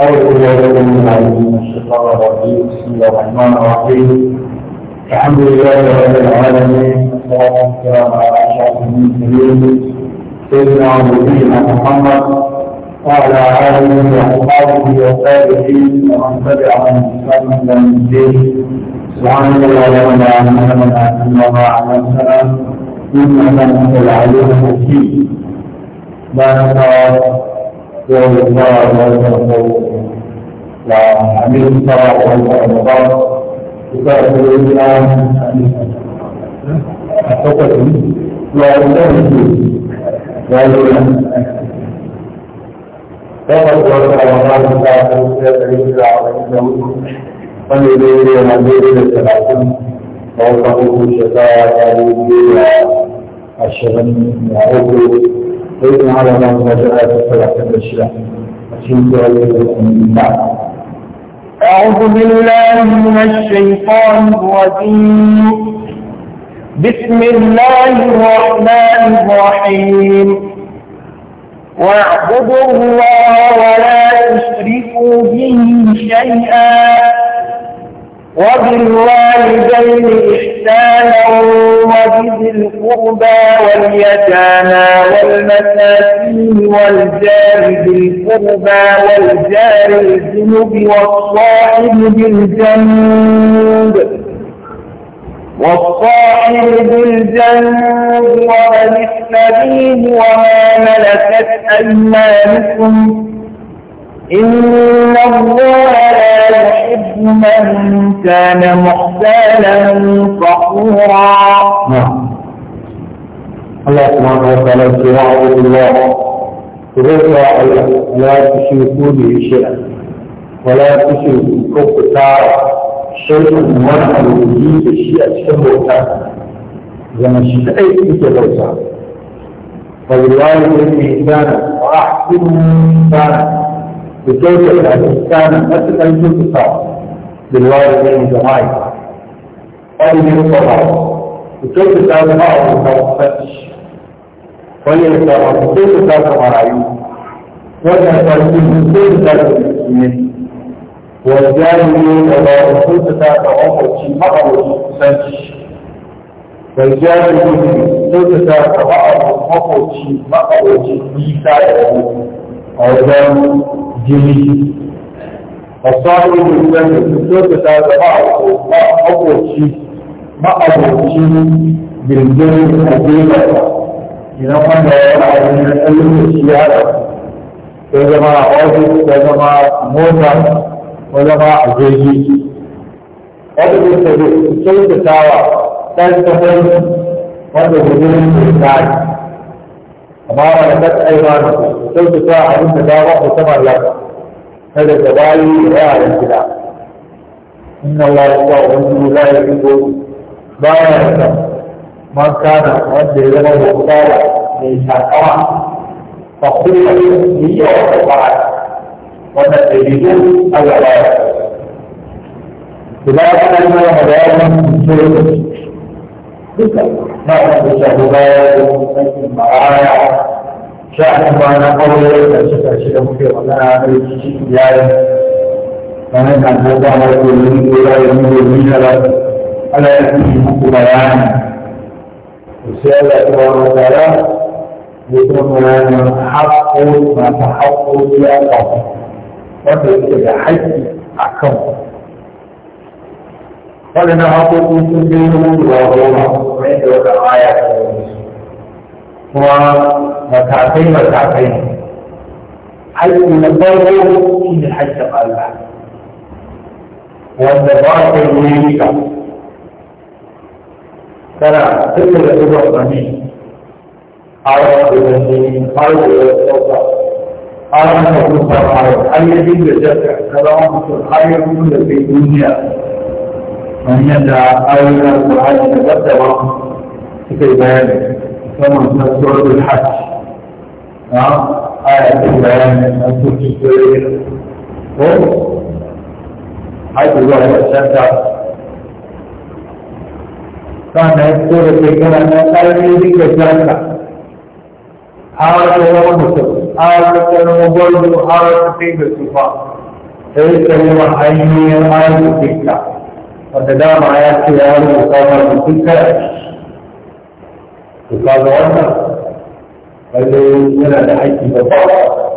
أعوذ بالله من الشيطان الرجيم بسم الله الرحمن الرحيم الحمد لله رب العالمين والصلاة والسلام على أشرف المرسلين سيدنا ونبينا محمد وعلى آله وأصحابه وصحبه ومن تبعهم بإحسان إلى يوم الدين سبحانك اللهم لا علم لنا إلا ما علمتنا إنك أنت العليم الحكيم بارك الله يوم النار ويوم وعميل الصلاة والرمضان وكافر الإيمان أحبتك لا يمكن لا يمكن فقد وقع رمضان كافر سيد الإنسان عظيم فليبين المدير الثلاثين ووقفوا في الشفاعة الشغل يعود فإن على ما فلا تبشر أعوذ بالله من الشيطان الرجيم بسم الله الرحمن الرحيم واعبدوا الله ولا تشركوا به شيئا وبالوالدين إحسانا وبذي القربى واليتامى والمساكين والجار بالقربى والجار الجنب والصاحب بالجنب والصاحب بالجنب ومن السبيل وما ملكت أيمانكم إن الله لا يحب من كان محسانا فخورا نعم. الله سبحانه وتعالى سواء الله رفع لا تشركوا به شيئا ولا تشركوا كفتا شيئا ولا الوجود الشيء الشبوتا زمن الشيء يتبوتا فالله يجب إحسانا وأحسن إحسانا بكيفية الإحسان متى تنتقى بالوالدين جماعي قال لي الصلاة وكيف تعمل بعض الموقفتش ولي الصلاة وكيف تعمل مرايو وجه تنتقى كيف تعمل المسلمين والجانبين الله كيف تعمل أخوتي مقبوتي سنتش والجانبين كيف تعمل أخوتي مقبوتي ميسا يقول a wajen jini a sa'o'i da kuma da su ta da ma'aboci ma'aboci birgin a gefe idan wanda ya ra'ayi na ɗan lokaci ya rasu ko zama a ofis ko zama mota ko zama a jirgi wanda zai tafi kyautatawa ɗan tafi wanda gudun ke tsari وما أيضا أيمانكم ساعة من التداوى وكما لكم هذا الزبالي لا الكلام إن الله يشاء وإنه لا يحب ما يحب ما كان مؤدي له قتالا من شاكرا فقل هي وقطعت ونتجدون العلاج إذا كان هذا مدار من نحن شهداء معايا شأن وانا قوي فشفى شلم في ولا الجيال فمن أن الله يقول لا يميل من ألا يأتيهم بيان وسأل الله تعالى يكون لنا حق ما تحق يا قوم وتلك حج أكبر waɗanda haƙoƙi sun fi rubu guda goma kamar yadda wata aya ta kuma matakai matakai haƙƙi na farko shi ne haƙƙin Allah wanda ba ka yi ka kana tunda da zuwa sami har da zanni har da ya tsauka har da kuma har da yadda da jaka kaza mutum har ya kuma da duniya من يدعى أو القرآن تقدم في البيان كما في سورة الحج نعم آية البيان من سورة التوحيد حيث الله يشجع كان يذكر في كل مكان يذكر ذلك حارة ومسك حارة ومبرد وحارة في بسفا فإذا كلمة حيني الآية ذكرى وتدام عيات كيان مصابة من كل سائر مصابة وانا فالي انا لحيث بطاقة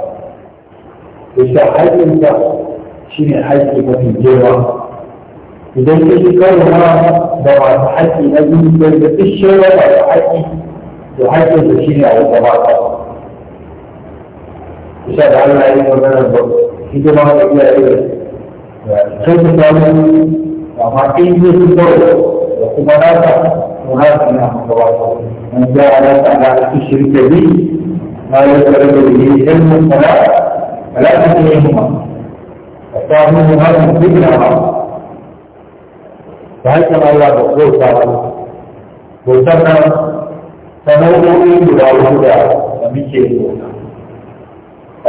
بشتاح حيث انت شيني حيث بطاقة الجيوة إذا كنت كل ما دوا تحيث أبي كل بتشيوة تحيث تحيث بشيني على طبعك بشتاح حيث انا لحيث بطاقة يعني خلص Wafatin dia sebut Kepada Allah Mulai dengan Allah Mereka ada tanda itu syirik lagi, Mereka berada jadi ilmu salat Alat mati ilmu Tetapi Mulai mesti dengan Allah Bahkan Allah berkosa Berkosa kan Sama itu ini juga Allah juga Kami cek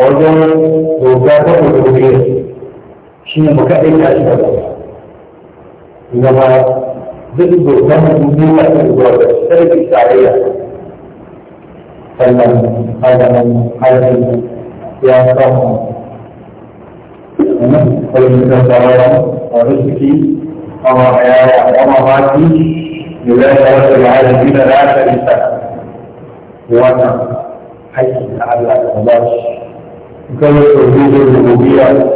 Allah Berkosa pun berkosa siapa yang ikat juga إنما ضد برنامج ميلة الإدارة الشركة الشعبية فلن هذا من هذه يعصم فلن تتعلم ورزقي وما حياة وما ماتي لله رب العالمين لا شريك له وانا حيث تعلق الله كل توحيد الربوبيه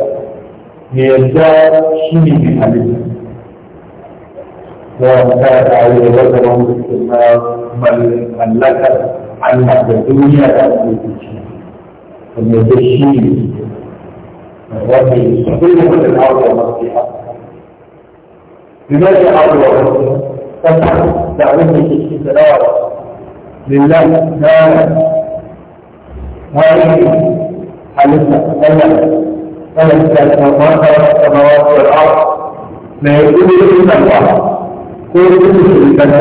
هي الدار شيء من حبيبنا وكانت عليه وزنه في النار بل ملكت عنها الدنيا تأتي في الشيء الذي يستقيم في الأرض ومسيحها لماذا الأرض ومسيحها؟ تفهم دعوتك استدارة لله كانت هذه حالتها ألا ألا السماوات والأرض لا يكون إلا الله كل شيء كذا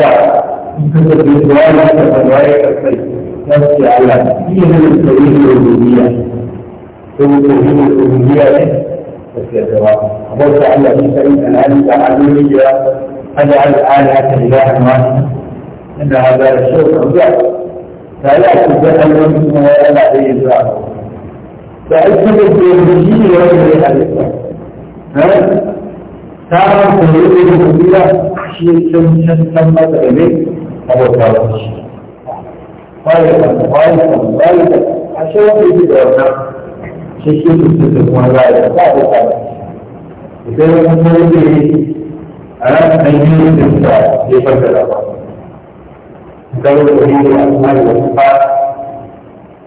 كذا بالسؤال كذا رواية كذا نفسي على فيه التوحيد الربوبية ثم توحيد الربوبية نفسي الجواب الله تعالى في شريك الآن تعالى أجعل الآلهة إلها واحدا إن هذا الشرك عباد فلا تتكلم ولا تيزعه فأكتب الدين والدين الإسلام samun da ya yi da kabila shi ya cancantan masa da ne a bauta da shi kwalikan kwalikan kwalikan a shi wanda yake da wannan shi shi mutum da kuma za a yi ba a bauta da shi idan wani kawai da yi a ranar da yi da suka ya farka da ba idan wani da yi da kuma da wasu ba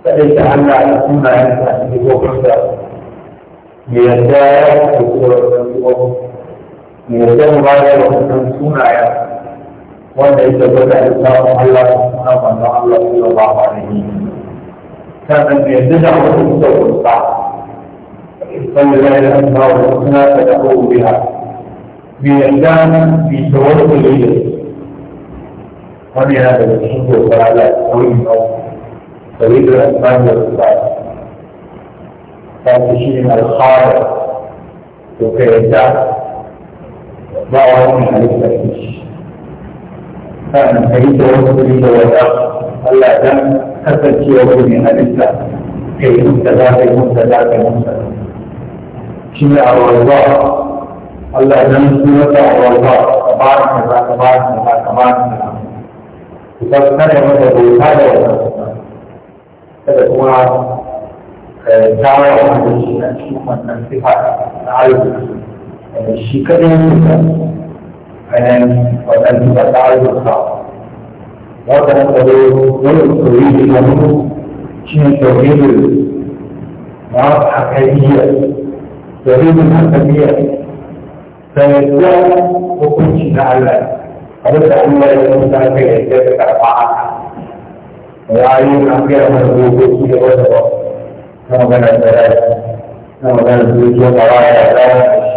kaɗai ta Allah a sunayen sa a cikin gobe da mai yadda ya fi da wannan gobe mai zan bayar da wannan sunayen wanda ya tabbata da samun Allah da suna manzon Allah sallallahu alaihi sannan mai yadda wasu suka kunsa sallallahu alaihi wa sallam da suna ta da ko biha mai yadda bi tawakkuli da wani yana daga cikin gobara da tsoyin nau sabidu da tsanin da suka ta shi ne alkhara to kai yadda دعوة من عليك الفيش فأنا كيف وصلي لوضع ألا دم حسد شيء وصلي عليك كي مبتدا كي مبتدا كي مبتدا شيء الوضع ألا دم سورة الوضع تبارك الله تبارك الله تبارك الله تفكر مدى الوضع هذا هو دعوة من الشيء أشوف أن الصفة تعالى shi kadai suka anan wadan suka tsari da sa wanda na tsaro wani tsori da hannu shi ne tsori da ma hakaniya tsori da hakaniya sai ya hukunci na Allah abin da Allah ya yi ta ga yadda ta karɓa haka wayo na gaya mana dokoki da wata ba na magana da rai na magana da zuciya ba ya dawo da shi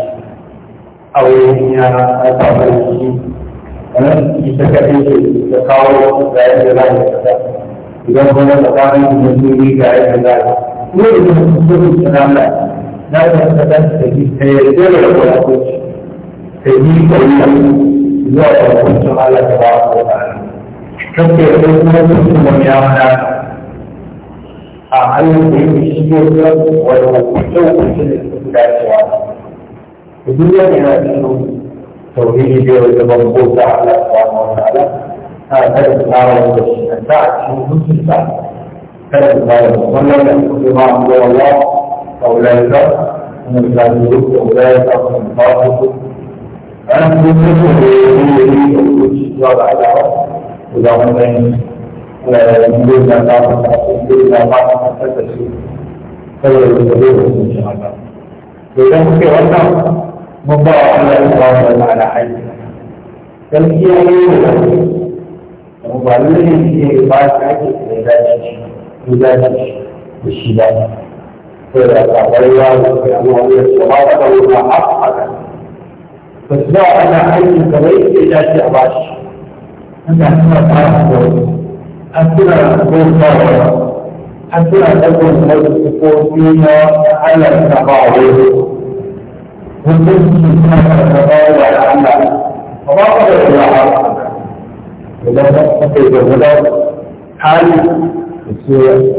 aure ya haifa mai shi wannan ita kaɗai ce da kawo ga yadda za a fita idan kuma tsakanin musulmi ga a kuma idan musulmi ta nana na ta fita ta tafi ta yarda da kwalakoci ta yi zuwa ba ko da kuma musulmi ya mana a hannun da shi ne wani الدنيا يعني توحيدي والمنبوط على سبحانه وتعالى هذا الإشعار الساعة شو نص الساعة هذا الإشعار ومن يكون ما عند الله أو لا أولئك هم الكافرون أولئك هم الفاسقون أنا كنت أريد على إذا من يقول ما تعرف يقول ما تعرف هذا الشيء فهو يقول إن شاء الله إذا كنت babba wa Allah ya ba da mana haƙƙi gaskiya ne da mu ba lalle ne ba ta ake da dace shi da dace da shi da sai da kwarewa da kuma wani da ba ta da wani haƙƙa ba su ba ana haƙƙi kamar yadda ya dace a ba shi ana kuma fara da an tura gofawa an tura ɗaukar wasu ko biyu na Allah ta ba wa wani وجدت سبحانه وتعالى عنا فما قدر إلى عرض إذا فقط الولد حال السورة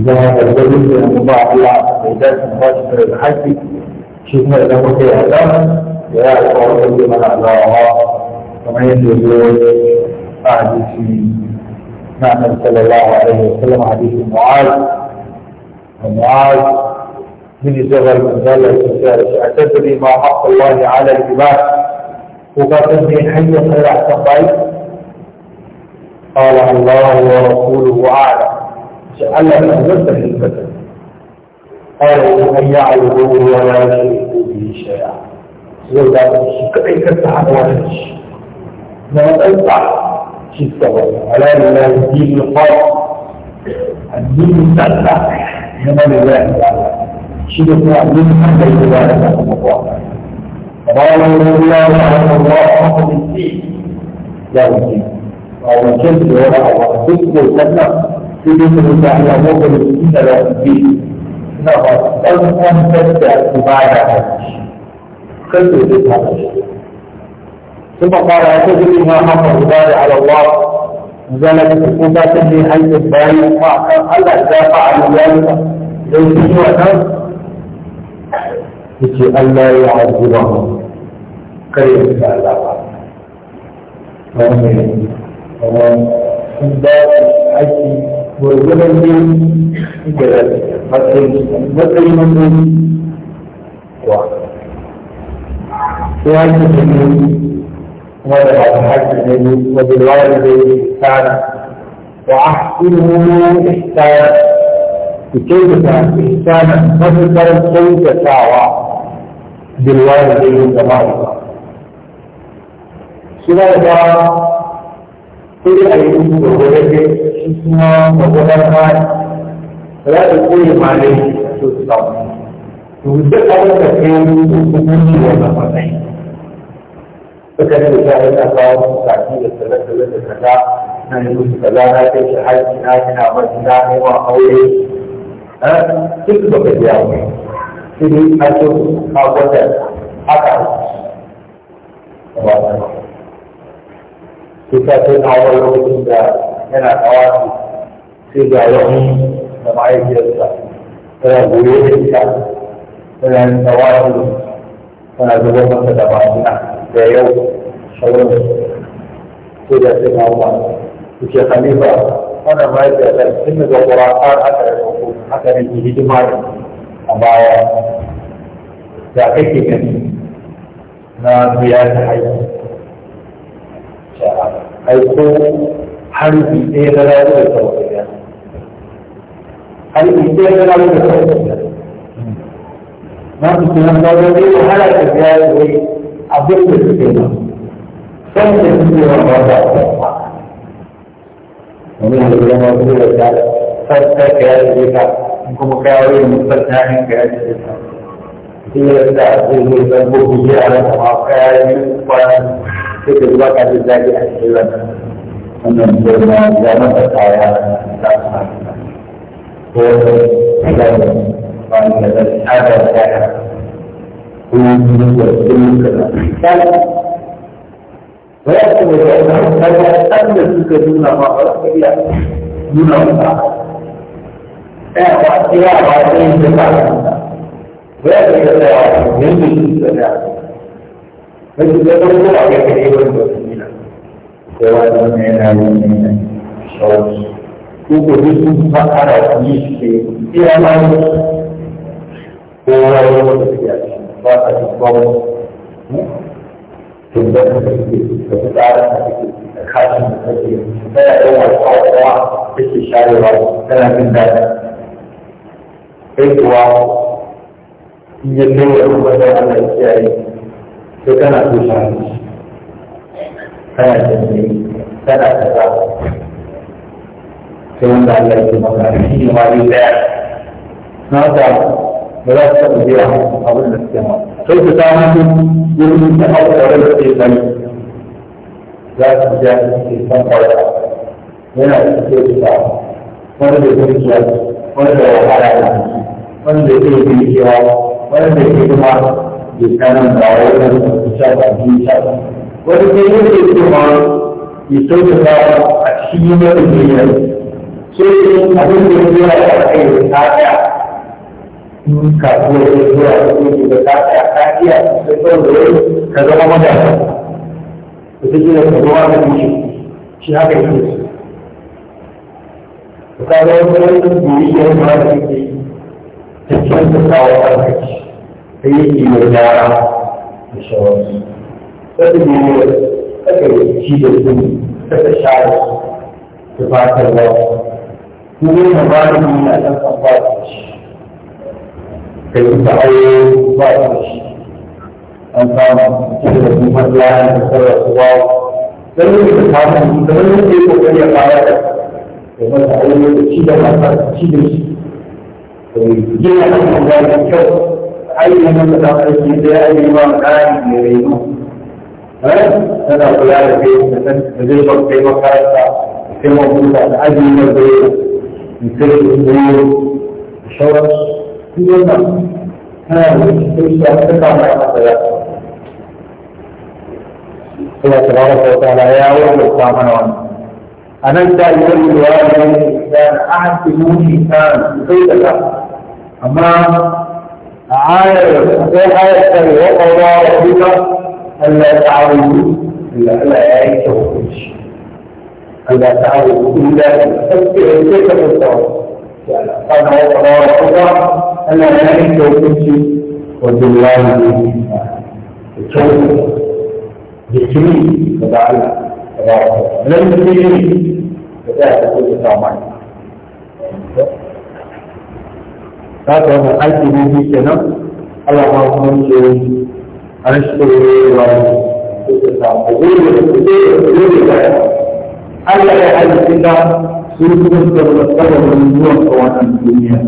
إذا الولد من بعض العقيدات المباشرة للحج شفنا له في أدام يا أخوة من أعلاها كما يقول أحد في معنى صلى الله عليه وسلم حديث معاذ ومعاذ من الزغر من ذلك اعتذري ما حق الله على العباد وقاتلني حي خير احسن بيت قال الله ورسوله اعلم ان من في البدن قالوا ان يعبدوه ولا يشركوا به شيئا وذلك شكري كتاب ونش ما تنفع شفت على الله الدين الخاص الدين السلام انما لله shi da kuma abin da ya ba da sakamakwa قال الله رحمه الله حق الدين لا يمكن قال الجد ولا ذكر الجنة في ذكر الله وقل الدين لا يمكن نظر أن تبدأ بمعنى كيف يجب هذا الشيء ثم قال اعتذر ما حق العباد على الله نزلت عقوبات في حيث الباري ما كان الا اذا فعلوا ذلك ليس سوء لكي ألا يعذبهم قريب من الله فأمين فأمين عند حيث مرزمن من جلد مثل مثل من من واحد وعند جميل ولا بعد حاجة مني وبالوالد الإحسان وأحسنه إحسان بكيف كان إحسانا مثل ترى الكون تساوى ဒီလိုလေးကိုကျွန်တော်ပြောပြချင်တာပါဘယ်လိုလဲဆိုတော့ဒီလိုလေးကိုကျွန်တော်ပြောပြချင်တာပါဘယ်လိုလဲဆိုတော့ဒီလိုလေးကိုကျွန်တော်ပြောပြချင်တာပါဘယ်လိုလဲဆိုတော့ဒီလိုလေးကိုကျွန်တော်ပြောပြချင်တာပါဘယ်လိုလဲဆိုတော့ဒီလိုလေးကိုကျွန်တော်ပြောပြချင်တာပါဘယ်လိုလဲဆိုတော့ဒီလိုလေးကိုကျွန်တော်ပြောပြချင်တာပါဘယ်လိုလဲဆိုတော့ဒီလိုလေးကိုကျွန်တော်ပြောပြချင်တာပါဘယ်လိုလဲဆိုတော့ဒီလိုလေးကိုကျွန်တော ini masuk awal akal. Kita pun awal lagi tinggal, enak awal sehingga Allah ini sama ayah jasa. Saya boleh berikan dengan awal itu. Saya juga pun tidak mahu saya shalom. Saya pun awal. Jika kami bawa, mana mereka akan semua berakar akan berhubung akan menjadi malam. a baya da kake gani na biya ta haiti aiko harbi ɗaya na rayu da sauƙiya harbi ɗaya na rayu da sauƙiya na su tunan zaune zai da hana ka biya da wai abin da suke na san da suke wa ba da ba wani da zama zuwa da sarkar ka ya zuwa como cada uno de los personajes que ha hecho ada mundo. Y él está haciendo un poco de la vida, como acá hay un cuadro, que te va a caer desde aquí a la vida. Cuando yo me voy a dar una pasada, la vida está en la vida. Por eso, cuando yo me voy a dar una pasada, un mundo de la vida. Voy a hacer una pasada, una pasada, una pasada, una pasada, una pasada, una pasada, una pasada, una pasada, una pasada, una pasada, una pasada, una pasada, una pasada, una pasada, una pasada, una pasada, una pasada, That's what be to To to to kaiwa iya kai da kuma da Allah ya kiyaye sai kana so shi kana da ne kana da ta sai wanda Allah ya maka shi ne ma dai da na ta ba za ta biya abin da suke ma sai ku ta mutu yin da aure da ke sani za su ja su ke san kwaya yana da ke ta wanda da ke wanda ya fara da shi wanda ke yi cewa wanda ke kuma ya kanan da wani kusa da kusa wani ke yi ke kuma ya sauke ba a cikin wani ne ya yi so yi abin da ya yi a kai da ta tsaya in kasuwa ya zuwa da ke da ta tsaya ta iya da kawai da yau ka zama madafa da ta da ka zama da shi haka yake tsararren biyayyar mariki da kyan da kawo mariki da yake yi yara da shawarsu wata biyayyar aka yi ci da su aka share su fatar ba kuma yana ba da yi a ɗan kan ba su ci ka yi ta aure ba su ci an samu cikin da kuma lana da sarrafa ba don yi da samun da wani a da mata aure da ci da mata ci da shi yana da kuma da kyau aiki na mata ta aiki da ya yi wa kayan da ya yi tana kula da kai da zai ba kai makaranta da kai mabuta da ajiye na zai da kai da zai da shawararsu duk wannan tana da cikin shi a kasa mai masa ya الله سبحانه وتعالى يا أول القامنون أنا أنت أيها الوالد الإنسان أحد تكون إنسان في أما عاية الصحيحة يسأل وقع الله ربك ألا تعبدوا إلا ألا يعيش وخرج ألا تعبدوا إلا أن تفكر كيف تفكر قال وقع الله ربك ألا يعيش وخرج وبالله الإنسان التوبة بالتوبة بالتوبة من المسلمين بدأت تقول إسلام هذا هو أيدي به كنا اللهم انصر أنشكر Allah ya halitta su kuma da tsawon zuwan kawanan duniya.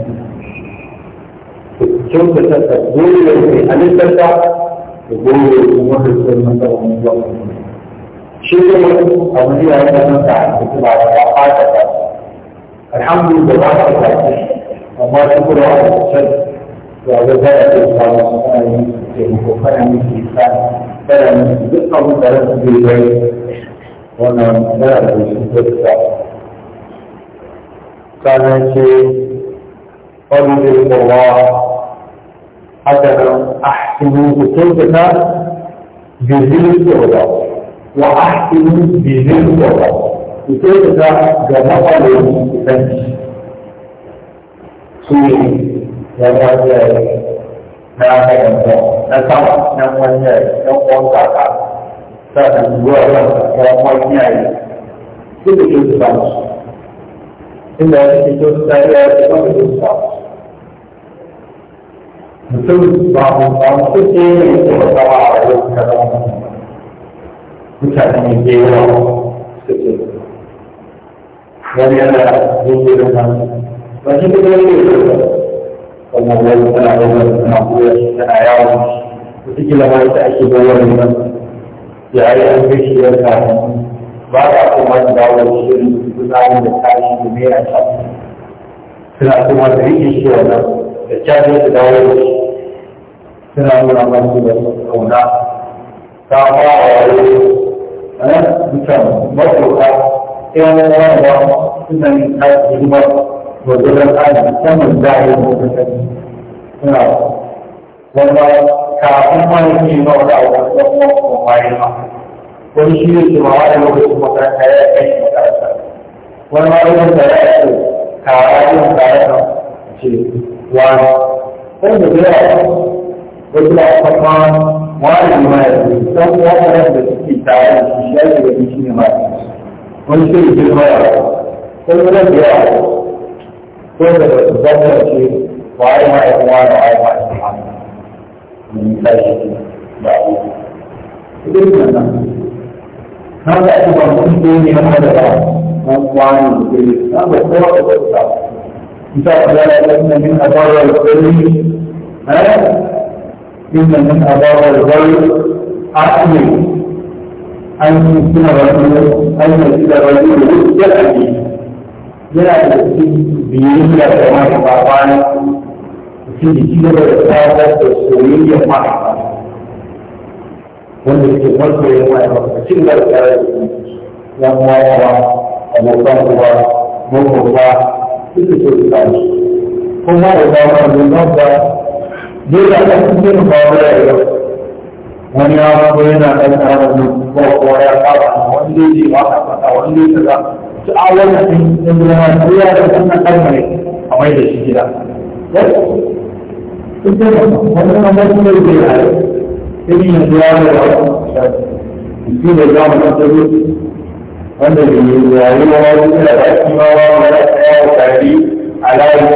Kyautata ta goyi da ke halittarta da goyi da kuma da tsawon zuwan kawanan duniya. شكرا شيخ الحمد لله رب العالمين شكرا على الشكر وعبدالله سبحانه وتعالى في مكانه في الإسلام من درس بالبيت ونم درس بالشكر wa ahkimu bidhiru wala. Itu kita gambar dari kita ini. Suri, yang ada yang ada yang ada yang ada yang ada yang yang orang takkan. Tak ada dua orang yang ada yang ada yang ada. Itu kita itu saya kita itu sebab. Betul, bahawa kita kita bersama orang mutane ke yawa suke wani yana jinjirin hannu ba shi kuma yake yi wannan wani tana yawan tana koya shi tana yawon wataƙila ma ita ake bayar da nan ya yi an shi ya samu ba ta kuma da dawo shirin kuzamin da tashi da mai a suna kuma da rike shi wannan da cajin da dawo da shi suna nuna masu da kauna ta fara wani مثال مطلقة كان يرى من هذه المرة وجد الآن كم الداعي المتكلم نعم وما كافي ما يجي نوع أو نوع معينة ويشير سماع الوجه مثلا حياة أي مكان وما يجي ثلاثة كافي ثلاثة شيء وأنا بلا وبلا فقط ما يجي ما يجي ثم وقت suke tare da shi ya daga shi ne ma wani shi ne girma ya sai wani da yawa ko da ba su zama ce an yi suna wani an yi suna wani wani yana ne yana da cikin biyayya da wani babana cikin jiki da da tsawon da soyayya ma wanda ke farko ya mai ba cikin da tsara da ya mai ba abokan uwa mako ba duka so da tsari kuma da tsawon da ba dole a cikin ba wani rayuwa wani ya zo yana ɗan tsara da ko kowa ya saba wani zai ba ka fata wani zai kaza su a wani sun yi zama ko ya da wannan ɗan mai a mai da shi gida wani ne zai ya da shi da mu wanda ya yi wani da ba shi ma ya a layi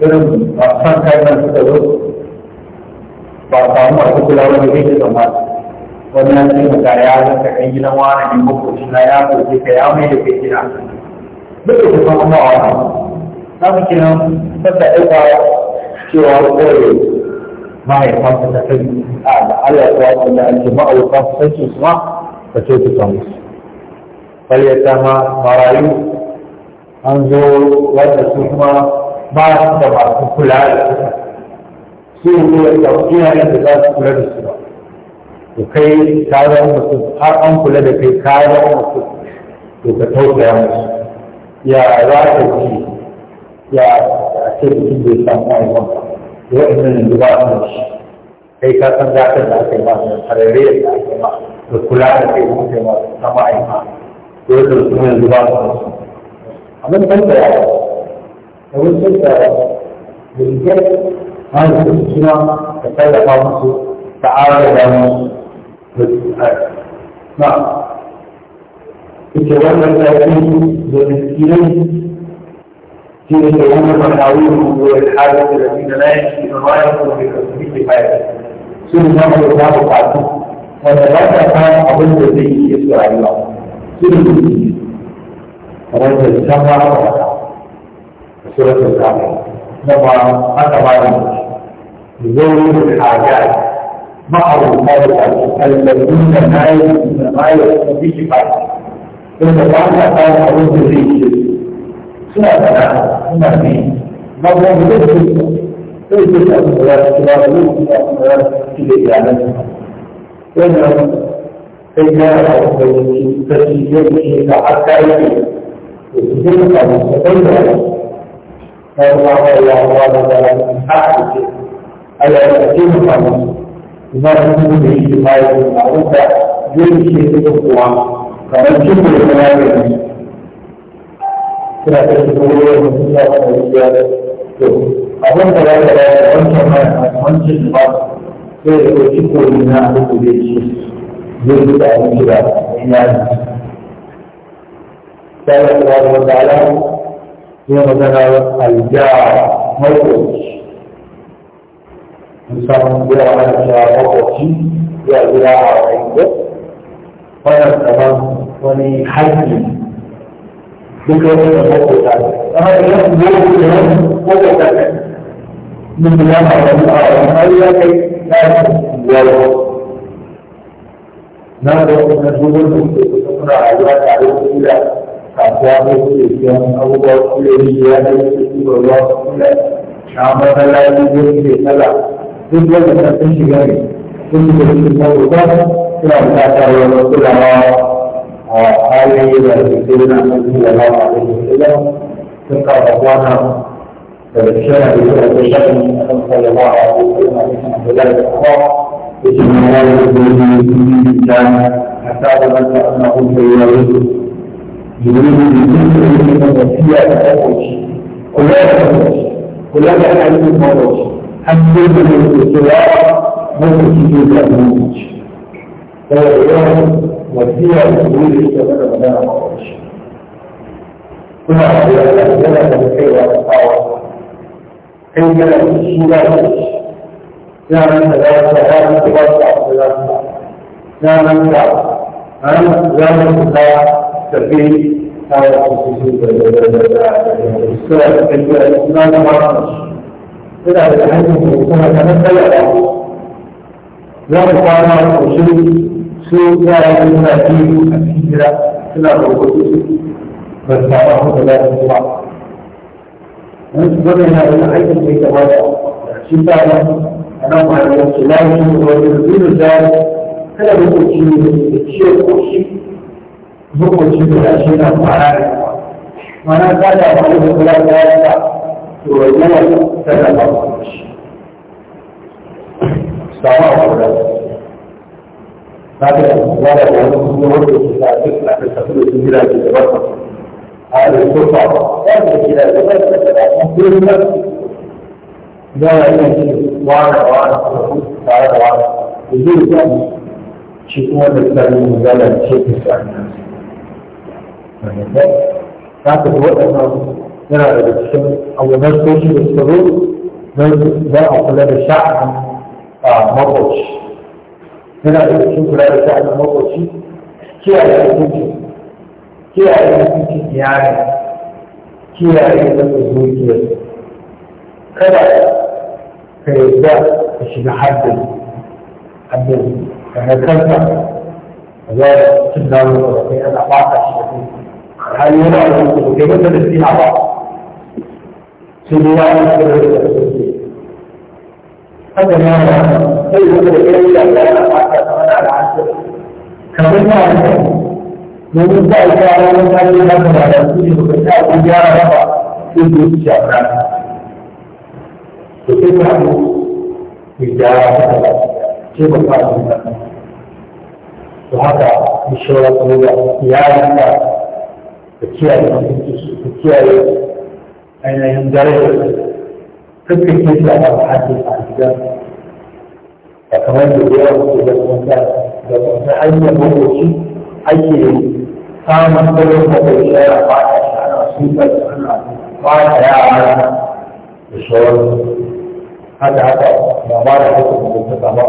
irin ba san kai nan zo ba a samu masu kula wani zai ta zama wani na cikin ka ya zaka kan gidan wani ne ko shi na ya koke ka ya mai da kai gida duk da kuma kuma a wani za mu kira sassa ɗauka cewa kawai mahaifan ta kai a da Allah ya kawo da ake ma'aurata su san su ma ka ce su san su falyata ma marayu an zo wanda su kuma ba su da masu kula da su sai yanzu ya ga wasu yaran da za su kula da su ba to kai ka zama mutum har an kula da kai ka zama mutum to ka tausaya musu ya za ka ji ya ce mutum bai samu aiwon ba wa'annan yanzu ba a shi kai ka san zakar da aka yi ma da tarare da aka yi ma da kula da kai da aka yi ma da sama a yi ma da wata su yanzu ba a shi abin ban da yawa da wani sun da rigar هذا السنة تتلقى مصر تعالى إلى مصر نعم يتولى التأكيد بالمسكين في يتولى محاولهم والحاجة الذين لا يشكون رأيهم بتثبيت حياتهم سنة ما يتابع بعدهم ونبات كان أظن الذي يسوع الله سنة رجل سمع وعلى سورة الكامل دبارة أدبارة ذوي الحاجات معه الموتى الذين لا يجدون ما يستطيعون ثم بعد ذلك أرد الريش سنة سنة سنة سنة مرة بذلك ليس الأمراض كبارون الأمراض كبارون لأنه فإذا أردت تسجيل حتى يجب وتسجيل قد تسجيل sai kuma ya kuwa da zalunci haka ce Allah ya ce mu fa musu idan mun da shi ba ya da wanda zai ce da kuwa kamar cin da kuma ya yi kira da shi ko ya mutu ya fara ya to abin da ya da wancan mai wancan ba sai ya ko ko ni na ko da shi zai yi da kira ya yi sai Allah subhanahu wa يغدر الجار موقوش إنسان يرى على الجار موقوش يغدر عنده ولا تمام ولي حجم ذكر الموقوش أما الإنسان موقوش موقوش من بلاد الله أولا كي لا يوقف نادوا من الجبل وكنا عجلات على الجبل kasuwa ko suke siyan abubuwa suke yi ya kai su tuba ruwa su kula a masallaci ko suke tsala duk wanda ta sun shiga ne sun shiga cikin mabuta suna bukatar wani kulawa a halin da su ke na kan da lawa a cikin kula sun kawo kwana daga shara da yawa da shakin a kan kwallewa a cikin kula da kan da kuma يجب أن يكون هناك أسباب أنه سيئة يريد يريد من الوصية تفوج ولا تفوج ولا تحل المروج أن يريد الاستواء ممكن في المروج فاليوم وصية تريد الاستواء ولا مروج ثم أقول لك أنا بخير وأتطاوع حين كانت الشيلات نعم ثلاثة نعم ثلاثة نعم ثلاثة نعم ثلاثة تبي هذا خصوصية السلام في الإسلام ما إذا تحدث الإسلام كما سبق لا مقارنة وشيء سوء لا يكون فيه الهجرة إلا بالخصوص بس ما أخذ لا يستطيع نسبنا إلى أن أيضا في تواضع شفاء أنا مع الإسلام ويزيد ذلك lokaci guda shi na fara da mana ta da wani da kula da ya ta to yana ta da ba shi sama a kula ta da ya da wani kuma wanda ke sa duk na ta tafi da jira ke da barka a da sofa ya da gida da ba ta da kuma ta yana yin shi wani wani kuma tare da wani da zai shi kuma da tsarin zalar ce ta tsarin za ka ga waɗannan yana daga cikin abubuwan soshi da tsaro don za a kula da sha'anin makwaci yana daga cikin kula da sha'anin makwaci kiyaye hukuncin kiyaye hukuncin iyali kiyaye zama zuciyar kada ka yarda ka shiga haddin haddin ka na kanka a zuwa cin namun da kai ana ɓata shi da kai 还有那个我们那个其他话，新疆那个书记，他讲了，贵我这边现在的话叫什大男子，肯定嘛，你们在家中，他经常出来出去，他回家的话就比较难，不是讲回家了，就困了，我吧？你说的个，你爱人的。ka kiyaye mutunci ka kiyaye ainihin dare da su kakka ke sa a hajji a gidan ba kamar da ya wuce da kwanta da kwanta hanyar maboci ake samun kudin maboci yana ba ta shi ana sukar ana ba ta yara da shawarar haka haka ba ma da haka mutunta ba ba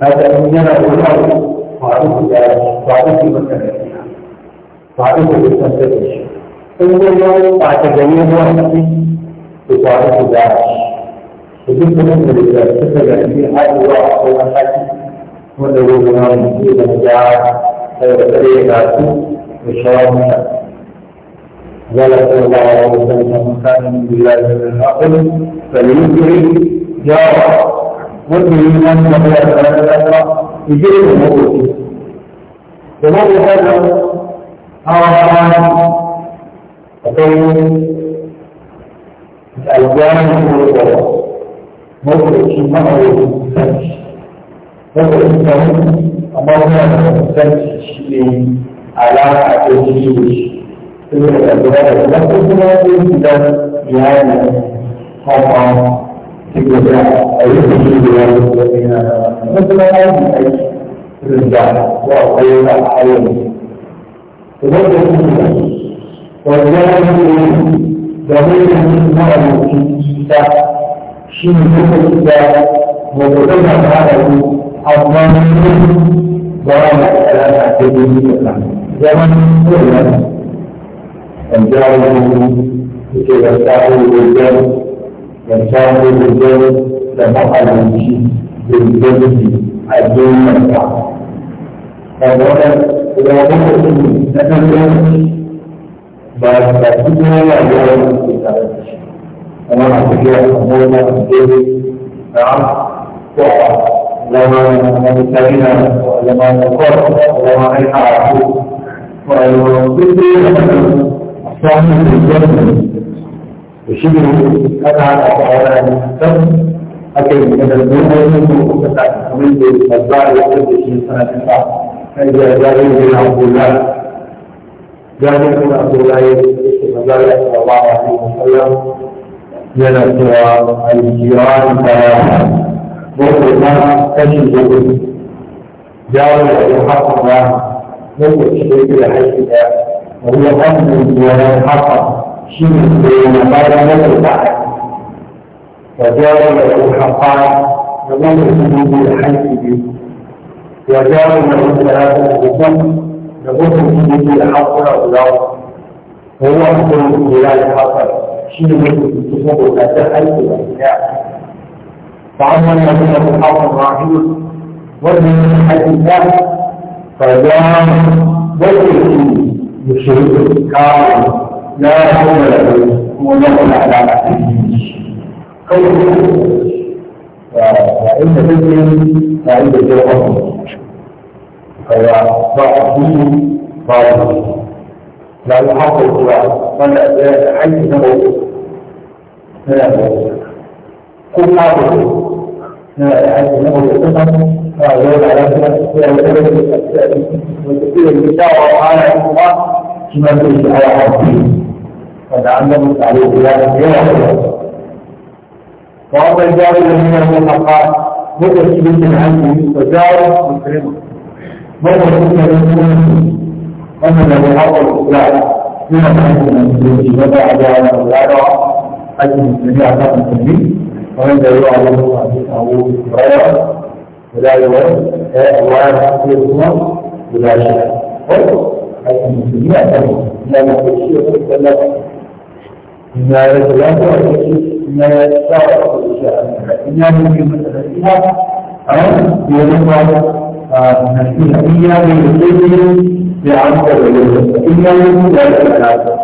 haka yana da wani faru da ya faru da mutane تعرفه بالتنفيذ بعد جميع وحدي بتعرفه داعش وجبت مثل الفكرة التي يعني هذا هو أقوى حكي وأنه هو من كل مجاعة سيبتلي ذاته والشراب منه قال صلى الله عليه وسلم من كان بالله من الحاقل فليكره جاره وابن من هو ثلاثة يجري الموت ومن هذا أولا أقول الألوان والورق مدرك معنوي الفرش مدرك الفرش أمرنا الفرش شيء علاقة تجيش تقول الألوان والورق مدرك يعني طبعا تقول أيضا مثل هذه الأشياء الرجال وأقول الحيوان وبرضه والله دليل من مرض الكتاب شيء من الكتاب وبدنا هذا أضمان وأنا السلام عليكم زمن كله الجاهل كي يرتاحوا بالجنة يرتاحوا بالجنة لمقعد الجنة بالجنة الدنيا أولا إذا وقفت تتمنى بعد تأكيدها وعلى وما أحتاج أمورنا بالتالي نعم لما نتكلم لما نقر لما نحن عارفين وكل صاحب الجنة يشبه أدعى الأفعال السبب أكيد من الدنيا يكون قصة عن حميد الزعر وقصة سنة الأفعال فإذا جاء بن عبد الله ذلك بن عبد الله فقال صلى الله عليه وسلم من الصراط الجيران ثلاثة مرتبة تجد جار الذي حق الله لم يشرك بحيث وهو فن ولا حق شيء بين قال لم يفعل وجار له حقان فلم يكن بحيث وجاءوا له ثلاثة قسم لقسم به الحصر والأرض هو قسم بلا الحصر شيء من قسم لا تحل فأما الذين تحاصر واحد وجد حد الله فجاء وجد يشرك كامل لا حول له ولا قوة إلا بالله فإن تسلم فعند الجو فهو فهي ضعف فيه صاحب لا يحصل القراءة بل حيث نبوه لا يبوه كل عبده حيث نبوه الثقة فأزول على ذلك وتكون البشارة على الله كما تجد على عبده فدعنا نسأل الله وأما الجارب منه فقال متى سبيت عنه وجار مكرمه متى سبيت منه ومن له حق الإسلام من الحج المسلمين وبعد أن الغرى حج المسلمين أعتقد المسلمين ومن لا يعلم حديثه غيره ولا يورد ولا يحصلهما ولا شيء حج المسلمين أعتقد لا يحصل شيء ما يتلاقى ما يتلاقى إنها ممكن مثلا فيها أو ينفع نفسها فيها بالسجن بعمل الوجود إلا يكون ذلك العادة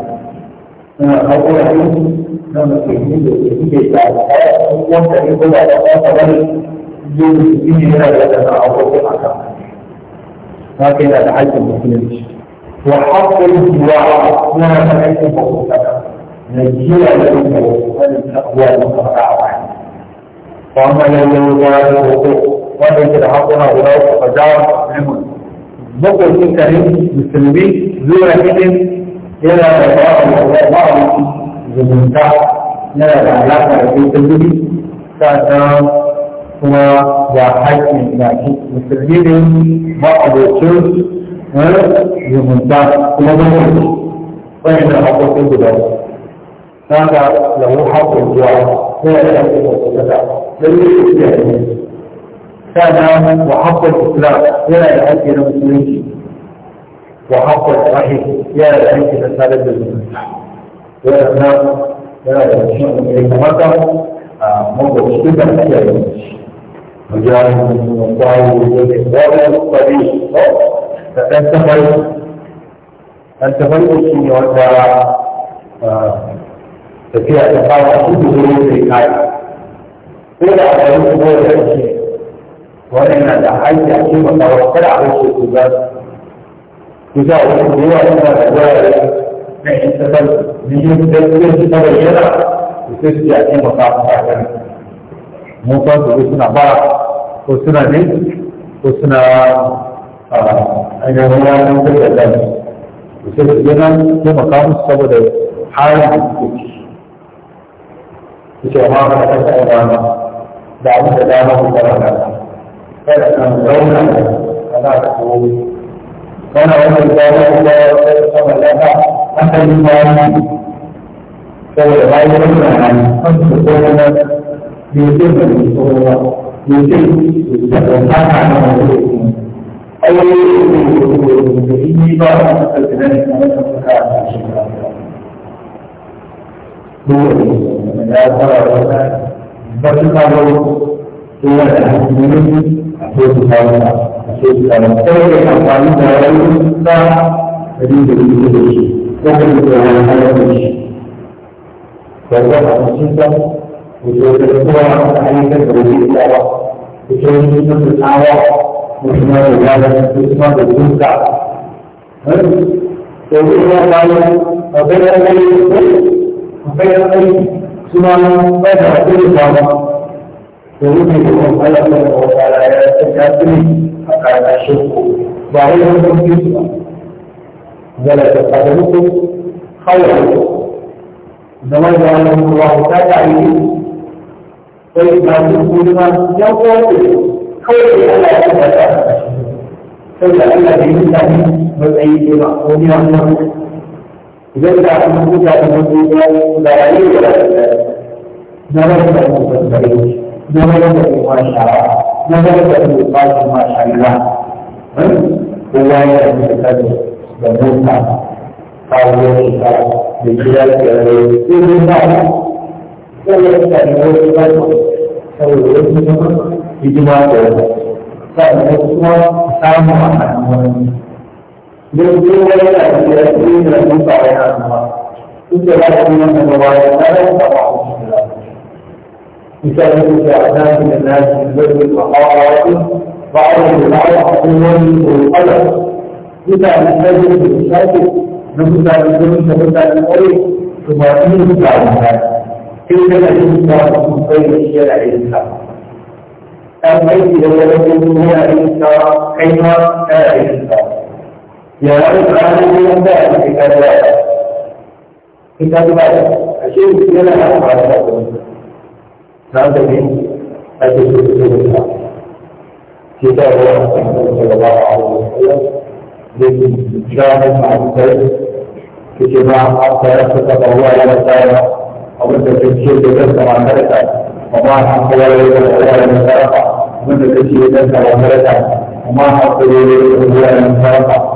أقول لكم لما تجد في الدعوة وأنت يقول على قبل يوم الدين هنا يتعرض على هكذا الحج المسلم وحق الجوار لا يتعرض على najiya da kuma wani takwa da kuma ta'awa ne ko an bayan yau da ya yi hoto wanda yake da hakuna guda uku a jawon limon makwacin kare musulmi zuwa cikin yana da ta'awa da kuma zumunta yana da alaƙa da kai ta zubi sannan kuma ba haƙƙin da musulmi ne ma'abokin zumunta kuma zumunta wani da hakokin guda uku هذا له حق الدعاء لا الذي يتبع دليل الاسلام كان وحق الاسلام يا العزيز المسلمين وحق الرحيم لا العزيز السالم للمسلمين يا الناس يا الشيخ المتمكن منذ اشتبه tafiya ta fara su da gudunar da kai ko da a yi kuma da shi wannan na da hanya ce ba ta wata da wasu su za ku za ku yi wa suna da da wurare ta yan ni biyu da suke shi ta bayyana su sai su ya ce ta a kan mun san su suna ba ko suna ne ko suna ainihin wani kasar da da su sai su yana taimaka musu saboda halin da suke suke ma ka kasa ya dama da abin da dama ku fara da kada kan zauna da kana da kowa kana wannan dama ku ba ya kai sama da ka haka yi ba ni saboda ba ya kai na nan kan su ko na nan ne ce ba ni ko ba ne ce da kan haka na wani ayyukan da ke da ba a kasar da ne kamar da suka a cikin لا ترى ولا فتقبل إلى الحكمين أحيث الله أحيث الله كيف أقالي دعوه فريد بالجيش وكيف على هذا الشيء فوضع الشيطة وجود الصورة عليك بوجود الدعوة وجود الشيطة الدعوة وحماية الغالة وإسماء الجنسة فإذا قالوا فبدأ من يقول bayan aiki suna nan ba da hakuri ba ba da wuce da kuma Allah ta da wata ya ta kafiri a karkashin ku ba wai wani kafiri su ba zala ta fada muku zama da wannan kuma ta ta yi sai ba su kuma ya ko kawai yana ya ta ta sai da Allah bai yi tsari matsayi ba ko ni لذلك أن موسى المسجد لا يريد نظرت موسى البعيد نظرت ما شاء نظرت القاسم ما شاء الله رواية المتكلم وموسى قال موسى بجلالك عليه موسى ويستعمل الوجه فالوجه بجماعة فالوجه سامع عن gbogbo wáyà àti ẹgbẹ́ ìrìnà tó sàrẹ́ náà wá tó ṣe láti fi wọn lọ wáyà lára ìpàpà òṣèlú ìṣẹ́lẹ̀ tó ṣe àdáńtì náà ti gbẹ́gbẹ́ àwọn ọdún bá ọdún láwọn ọdún olùkọ́lọ̀ nígbà tí ẹgbẹ́ ìrìnà tó ṣáàtì lókùtà ní gbẹ́gbẹ́ ìṣẹ́lẹ̀ta ní orí ṣùgbọ́n ní ìgbà àgbà tí ó ṣẹlẹ̀ ní ìgbà àgbà tó ṣe ìṣẹ́lẹ̀ ìṣẹ́lẹ̀ أما إذا لم يكن هنا إنسان كيما لا إنسان Yang lain berada di lembah yang kita buat. Kita buat. Asyik, dia nak buat apa-apa. Sampai ini, ada sesuatu Kita orang yang berada di lembah Allah. Jadi, jangan maaf saya. Kita maaf saya kepada Allah yang saya. Allah kecil Umar Abdullah bin Umar bin Sarafa, Umar Abdullah bin Umar bin Sarafa,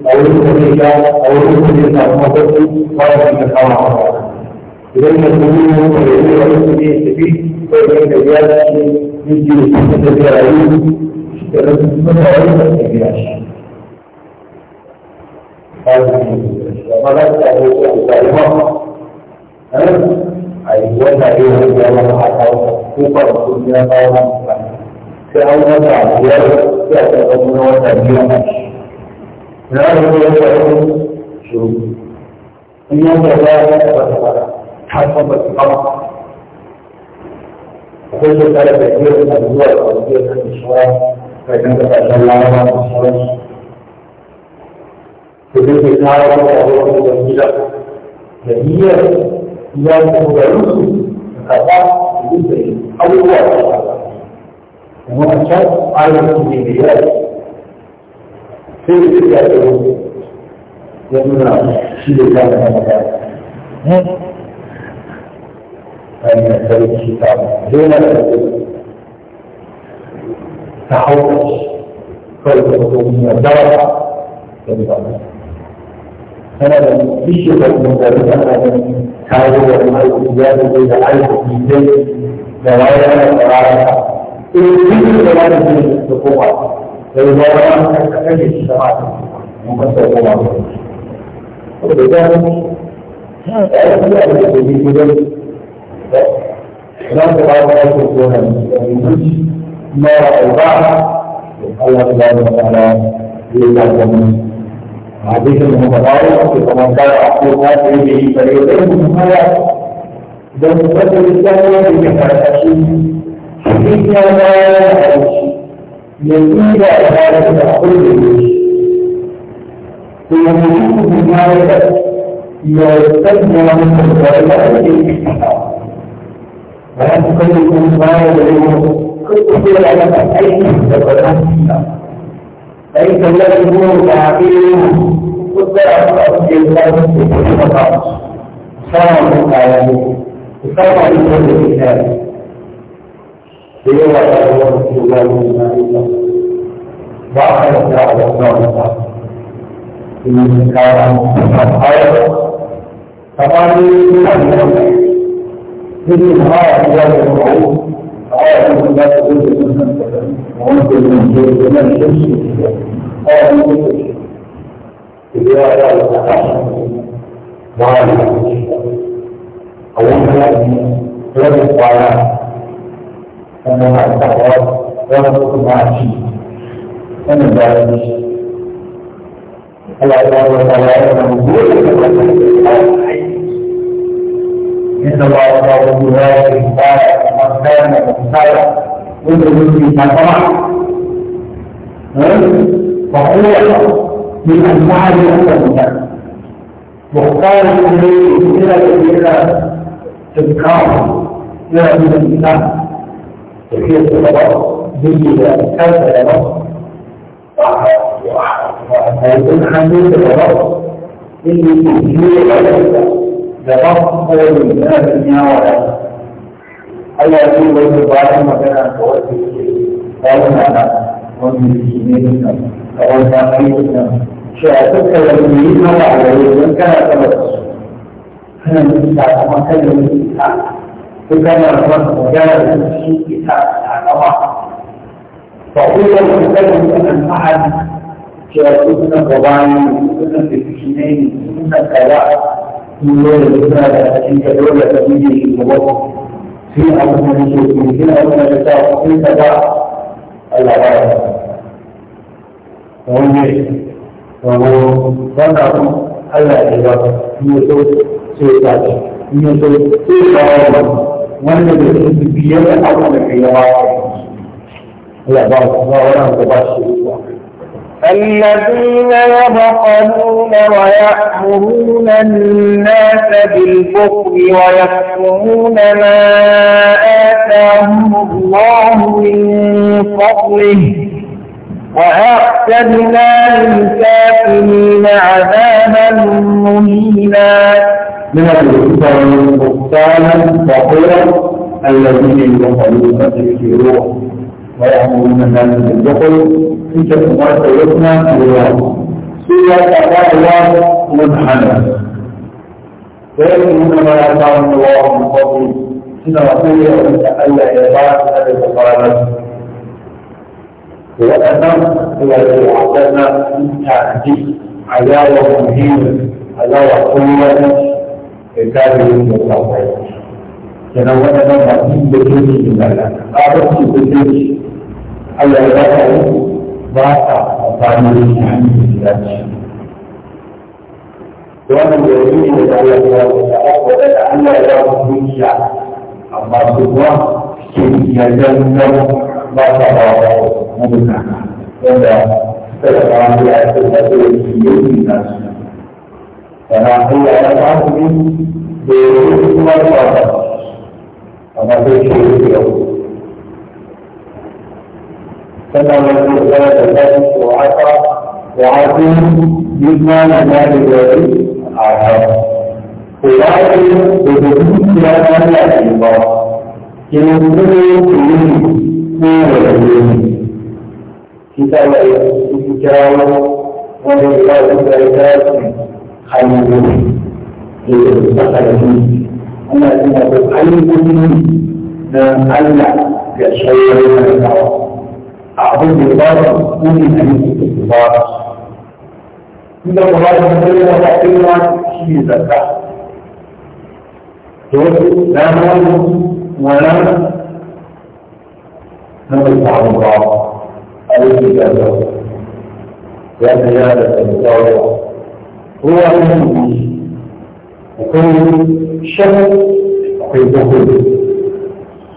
a wurin da zai sha a wurin da zai samu mafarki ba ya fi da kama idan da su yi wani da zai wani su ne tafi ko da ya ce yin jini da da zai rayu da rasu suna da wani da zai biya shi. za su samu da a yi wanda ya yi a kawo ko ba da kun ya kawo sai an wata biyar sai a kan wani wata biyar لا يوجد شروط إن يوجد لا يتبقى حسب القرآن وكل ذلك كثير من الدول وكثير من الشباب فإن تتجلى لها الصلاة فبيت النار وهو جميلة جميلة لا تقبل فقط بدون أول واحد ومؤسسات على الجميلات sai da ya ce ya nuna shi da ya nuna ba أن الكتاب دون تحوش فوق الحكومية درجة بالضبط أنا لم أشهد المدرسة أن تحاول المرء زيادة إلى ألف ميتين دوايا وقراءة إن كل كلام من الحكومة dari orang katakan di tempat mempersoalkan Allah. Berbeda ini, saya tidak ada jadi juga. Dalam kepada Allah Tuhan yang itu Nara Allah Allah Subhanahu Wa Taala Dia kami Habis itu mengetahui Kesemantar aku Hati Jadi Dari itu Mengayak Dan Seperti Islam Yang dikatakan Hakiknya Allah يزيد ذلك كله ويزيد بما يستجمع من الضرورات ولا تكلف الغاية في كل على أي ليس الذي هو تعبير قدر الله سبحانه وتعالى صار من الآيات وصار من كل الكتاب بيوم القيامة لا يؤمن إلا بعد الساعة الثالثة إن كان خيرا فقال لي في نهاية هذا الموعود آية لا تقول وأنتم من جيد من شمس آية من شمس في رواية وعلى أولها لم يقال أنها الصفوات ورسول معشي أنا ذلك العباد والصلاة إن الله يرضى بذلك قال من كان مختارا ادعو في مطرح فهو من أنواع الأسباب مختار إليه إلى إلى إذكاره إلى الإنسان وفي الخبر جيدة كذا لمصر وهيكون حميد لمصر اللي تجيه لمصر لمصر من الدنيا ولا ألا في لك بعد ما كان أتوقف قالوا أنا ومن الجنين قالوا أنا شاهدتك لما يجب أن أعلم كان أتوقف أنا من الساعة ما كان من الساعة فكما فرق جاء في كتاب العقبة فهو أن أحد كاتبنا قضايا كنا في الحسنين كنا كذا من دولة كذا تلك دولة تبيجي الوقت في أمر الجسم في أمر الجسم في كذا العقبة ومن وهو ظنه ألا إذا يوسف في يوسف سيطاته wanda da su او da abu لا بارك الله ولا تبارك الذين يبخلون ويأمرون الناس بالبخل ويكتمون ما آتاهم الله من فضله وأعتدنا للكافرين عذابا مهينا من الكفار بهتانا فقيرا الذين يدخلون الروح ويأمرون الناس بالدخل في تكبيرات الركنة لله سورة أعطاء الله منحنى ويأمرون ما آتاهم الله من فضله إن رسول ألا يطاع هذه القرارات وأنا هو الذي أعطانا من تعدي عذابا مهينا عذابا قوية kekali dia sampai kerana wajah dan mati berjuni tinggalkan apa sih berjuni ayah rasa itu bahasa bahan diri yang ini berjuni Tuhan yang berjuni dari Allah berjaya kepada Allah yang berjuni apa semua kisah yang bahasa bahasa menggunakan dan dalam kesempatan dia itu berjuni tinggalkan كما هو يفعل به بوجود مرضى وما في شيء اليوم كما يقول ثلاثة ثالث وعشرة وعظيم يبنى لمال الوالد العشرة ولكن بوجود سياسة الأجنبة ينظر إليه نور الدين كتاب الكتاب ومن الله بركاته ainihin da ya tsaka da ni ana yana da ainihin na Allah da sauran karkawa a abin da ba su kuni a yi ba su inda ba su kuni a ba shi ne zarka da wasu damuwa wannan na bai samu ba a yi da zarka ya ta yada da zarka هو وكل يكون شغل ويدخل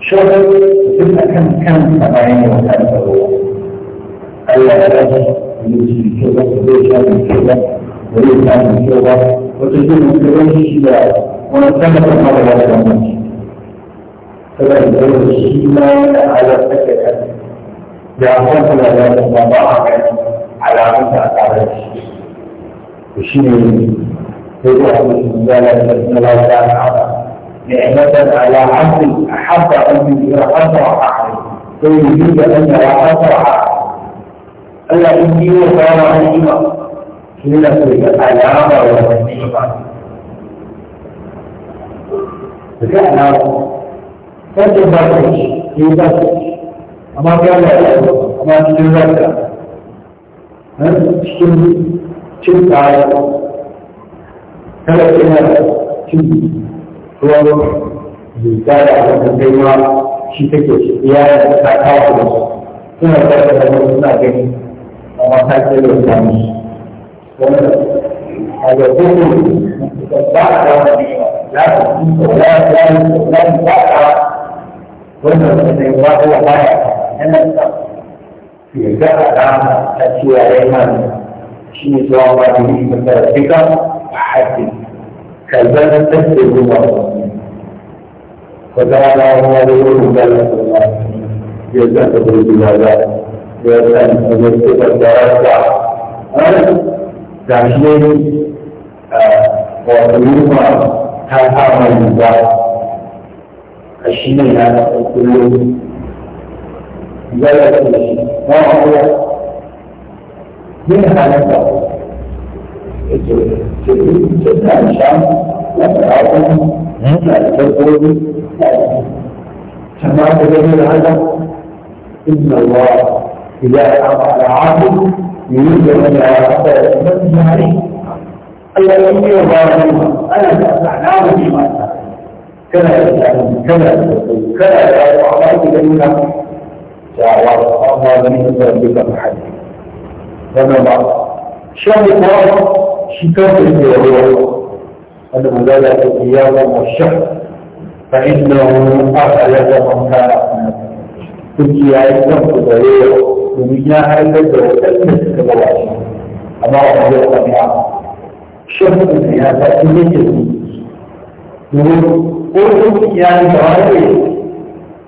شغل تبقى كم كم سبعين وخمسة ألا بلاش يمشي كذا وليش من كذا وليش من كذا وتجد من كذا الشيء ونتمت المرة على المنشي فبالتالي الشيء على فكرة بأخذ الأولاد أمم، على مدى أمم، على الشيء أمم. وشيء يروح بسم الله ان الله تعالى عطى نعمة على عبد أحب أن يفرح عليه فيريد أن يفرح ألا إني وكان نعمة حين تلك العلامة والنعمة فكان فجر بطش في بطش أما كان لا يعلم أما كان لا يعلم cin kaya kada ina cin ruwan zuta da abin ma shi take shi ya ta kawo da suna da da suna gani amma ta da ta musu wannan a ga kuma da ba ta ya ta ci da ya ta yi da ya ta wannan ne ba ta ba ya yana ya ga alama ta شيء يتوقع مثلا مسارتك حد كذا تسلم الله فتعالى يعني هو آه، يقول ذلك الله يزدد بالعبادة يزدد ويزدد الدرجة تعشيني وطلوما تنهى من الله الشيء هذا كله ذلك الشيء ما هو من حالته جدا شام وتعاون التقوي كما تبين هذا إن الله إذا أمر على يريد أن يعرف من عليه ألا يمني ظالما أنا أستعناه بما كما يستعنون كما يستعنون كما يستعنون كما يستعنون كما يستعنون كما يستعنون كما يستعنون wannan ba shan kuwa shi kansa yake wa ruwa wanda mu zaga ta kiyama wa shan fa inna hu akhraj man kana kuki yayi kanku da ruwa domin ya haifar da wadanda suka gabace amma wannan ya kwamiya shan kuki ya ta kuma yake domin ko kuki ya yi da wani ne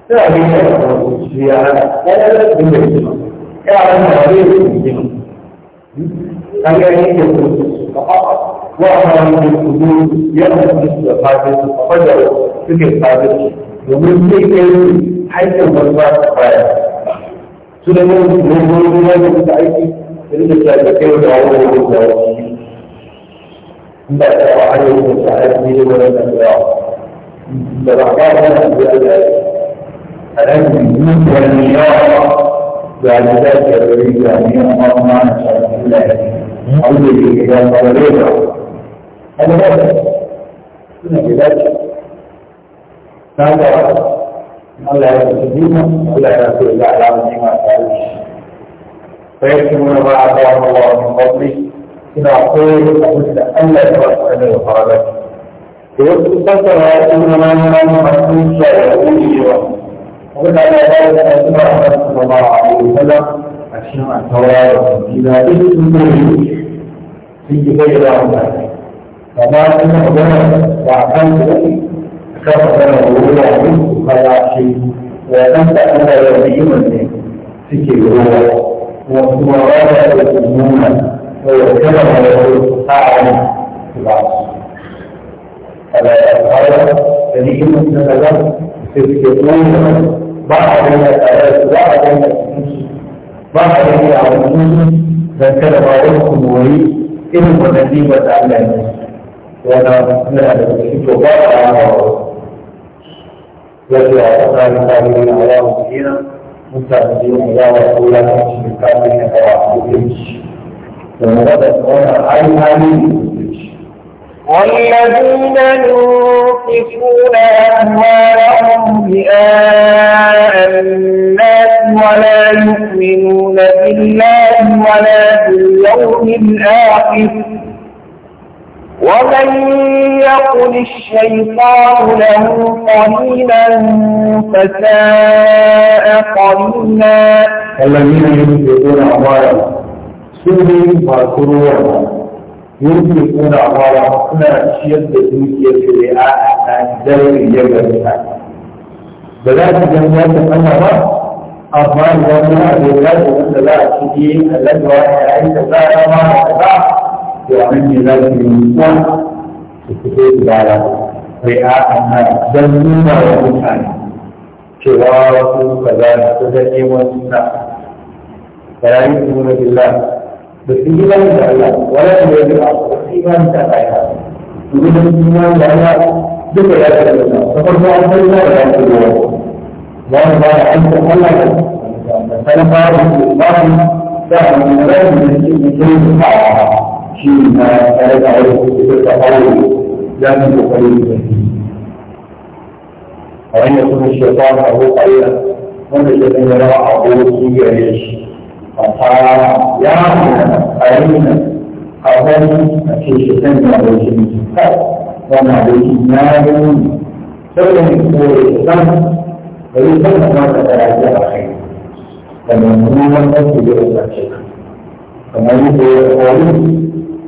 sai a yi da wani ya ya yi da wani ya yi da wani kaga ne ke su fa'a wa amara ne su zo yadda su da fadin su fa'a da suke fadin su domin sai kai haifin wasu ba su baya su da ne su ne goyi ne da suka aiki da rike shi da kai da wani wani da wani ba ta wa an yi da ta aiki ne wani da ya da ba ba da da ya da a nan yi wani yawa ga da ta da rike ne amma ma na الله أعوذ بالكتاب ولا يدعو هذا هذا كنا كذلك فهذا الله يسجدون ولا يسجد الله على ما فعلش فيكتمون ما أعطاهم الله من فضله إذا قيل أقول أن لا يتوسل الخرابات فيكتمون ما أعطاهم الله من فضله وقلنا لا يتوسل الله عليه وسلم a cikin alkawara da kwamfila duk sun zai sun yi bai da mutane amma sun yi magana ba a kan su ne a kan magana da wuri a yin su kaya ce wadan da an da yau ni'imar ne suke ruwa wasu kuma ba da da su nuna saboda kada ma da su sa'a ne su ba su ala alkawara da ni'imar na kaza sai suke ruwa ba a daina tare da su ba a daina cikin su ba a yi a wani don kada ba wani kumori irin wannan ribar da Allah ya wanda suna da shi to ba a yi a wani ya ce a tsari tsari ne a yawon kira mutane da yin yawa ko ya kanci da kafin ya kawo a kuɗinci da wadda wannan hali hali ne والذين ينفقون أموالهم رئاء الناس ولا يؤمنون بالله ولا باليوم الآخر ومن يقل الشيطان له قليلا فساء قليلا الذين ينفقون أموالهم سنين فاكرون ينفقون أموالهم هنا شيئا دوكية رئاء عن ذلك يبقى ba za su jan amma idan muna lura da wanda za a ci ne kallon ya yi da za a rama da za to a nan ne za su yi nisa su fito su gara sai a ana don nuna wa mutane cewa wasu kaza da su da neman suna bayan yi nuna billah da su yi ba da Allah wani da ya yi a su yi ba da Allah su yi ba da Allah duka ya ce da ta farko an san da ya ce da لأن لا يعد أنه فلقى الإسلام وأن الشيطان له قليلا وأن الشيطان يرى عقوله يعيش فقال يا أين أظن في شيطان عليه وأنا عليه نار فلم يكون الإسلام فيكون هناك تراجع أخيرة فمن هنا نفسي بأسرة شيء فمن يقول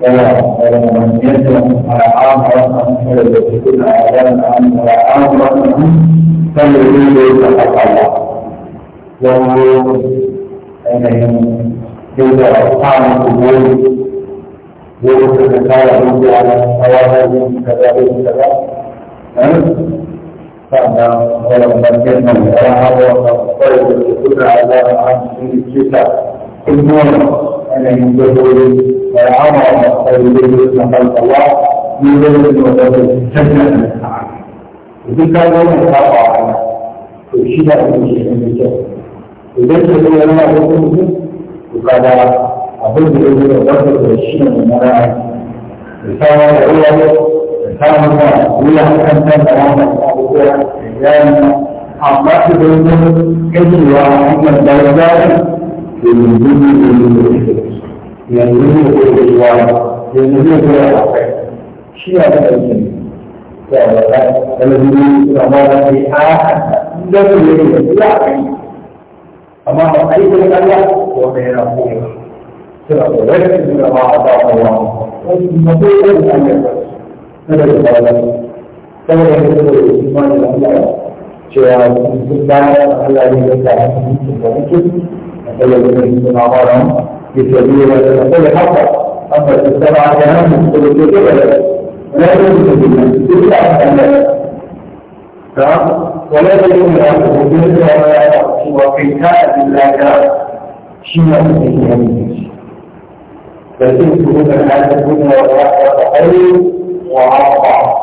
ومن يسلم على عام رقم الذي كنا أعلم أن عام رقم فليجوز حق الله وهو أنهم إذا أصحاب القبور يوسف قال ربي على ثواب كذا كذا فأنا ولما كنا نتعاون ونقول كنا على عن الشتاء النور أنا ينبغي وعمر ويريد أن خلق الله يريد أن يتجنن من التعب إذا كان يوم الخطأ عنه والشتاء يمشي من الجو إذا كان يوم الخطأ وقال أقول بإذن الله والشتاء من المراعي الإنسان هو الإنسان هو هو أنت تماما وقوع إعلام عقاك بينهم كذل وعقيم الدرجات في المدينة يعني من يقول الإجوار لأنه يقول الحقيقة شيء هذا الإنسان الذي يتمارى في آخر لا يريد لا أما أيضا الله وغيره فلذلك ما أعطاه الله ومن يقول أن يفعل هذا saboda ya zo da imani da Allah cewa sun bayan Allah ne da ta hukuncin da mutum da ya zo da suna fara ya ce biyu da ta kai haka amma su saba da nan su da ke da la yuzinu billahi illa Allah ta wala yuzinu billahi illa Allah wa fi ta'ati Allah shi ne da ke yi لكن تكون هذا الدنيا وعرض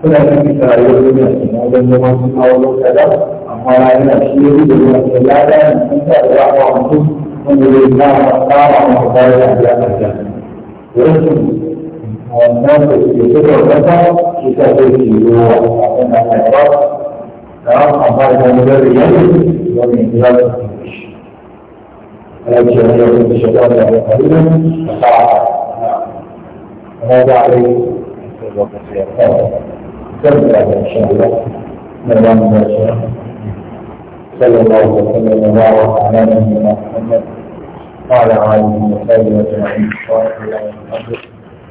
suna cikin rayuwar duniya kuma wajen zama sun kawo lokaci amma yana shi ya da wata lada ne sun sa da yawa wa mutum wanda zai kama kama wa bayar da biya a jiya rashin wannan da ke suka kasa shi ta zai ke yiwuwa a kan da ba da an amfani da wani gari yanzu wani ya zai shi alaƙi wani yau da shi da wani yau da wani da sa'a na da alai كذا ان شاء الله نظام باشا صلى الله وسلم وبارك على نبينا محمد وعلى اله وصحبه اجمعين